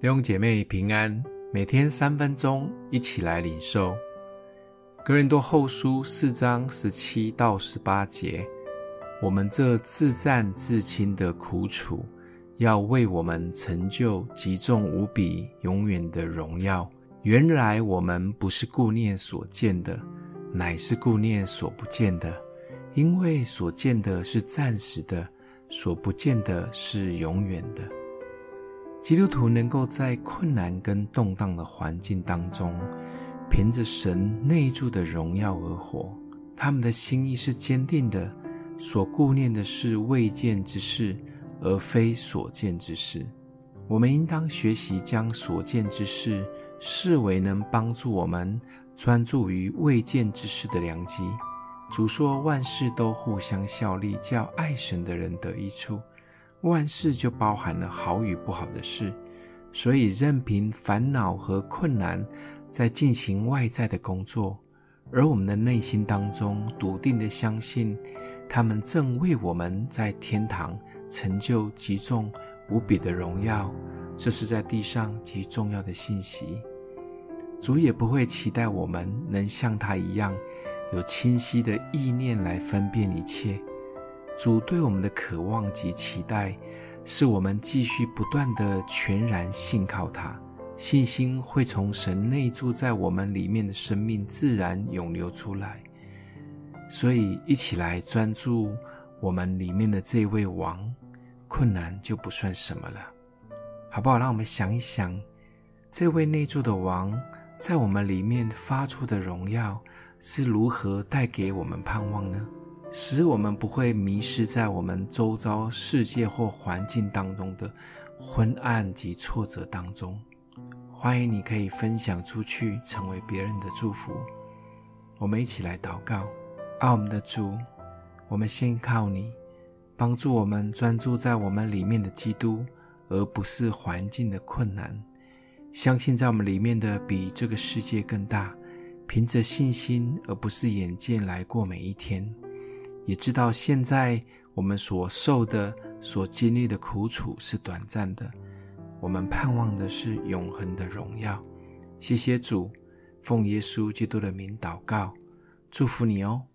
弟兄姐妹平安，每天三分鐘一起來領受。哥林多後書四章十七到十八節，我們這至暫至輕的苦楚，要為我們成就極重無比永遠的榮耀。原來我們不是顧念所見的，乃是顧念所不見的，因為所見的是暫時的，所不見的是永遠的。基督徒能夠在困難跟動盪的環境當中，憑着神內住的榮耀而活，他們的心意是堅定的，所顧念的是未見之事，而非所見之事。我們應當學習將所見之事視為能幫助我們專注於未見之事的良機。主說：“萬事都互相效力，叫愛神的人得益處。”萬事就包含了好與不好的事，所以任憑煩惱和困難在進行外在的工作，而我們的內心當中篤定的相信，他們正為我們在天堂成就極重無比的榮耀，這是在地上極重要的信息。主也不會期待我們能像他一樣，有清晰的意念來分辨一切。主對我們的渴望及期待，是我們繼續不斷地全然信靠他，信心會從神內住在我們裡面的生命自然湧流出來。所以，一起來專注我們裡面的這位王，困難就不算什麼了，好不好？讓我們想一想，這位內住的王在我們裡面發出的榮耀是如何帶給我們盼望呢？使我們不會迷失在我們周遭世界或環境當中的昏暗及挫折當中。歡迎你可以分享出去，成為別人的祝福。我們一起來禱告，愛我們的主，我們信靠你，幫助我們專注在我們裡面的基督，而不是環境的困難。相信在我們裡面的比這個世界更大。憑着信心，而不是眼見來過每一天。也知道現在我們所受的、所經歷的苦楚是短暫的，我們盼望的是永恆的榮耀。謝謝主，奉耶穌基督的名禱告，祝福你哦。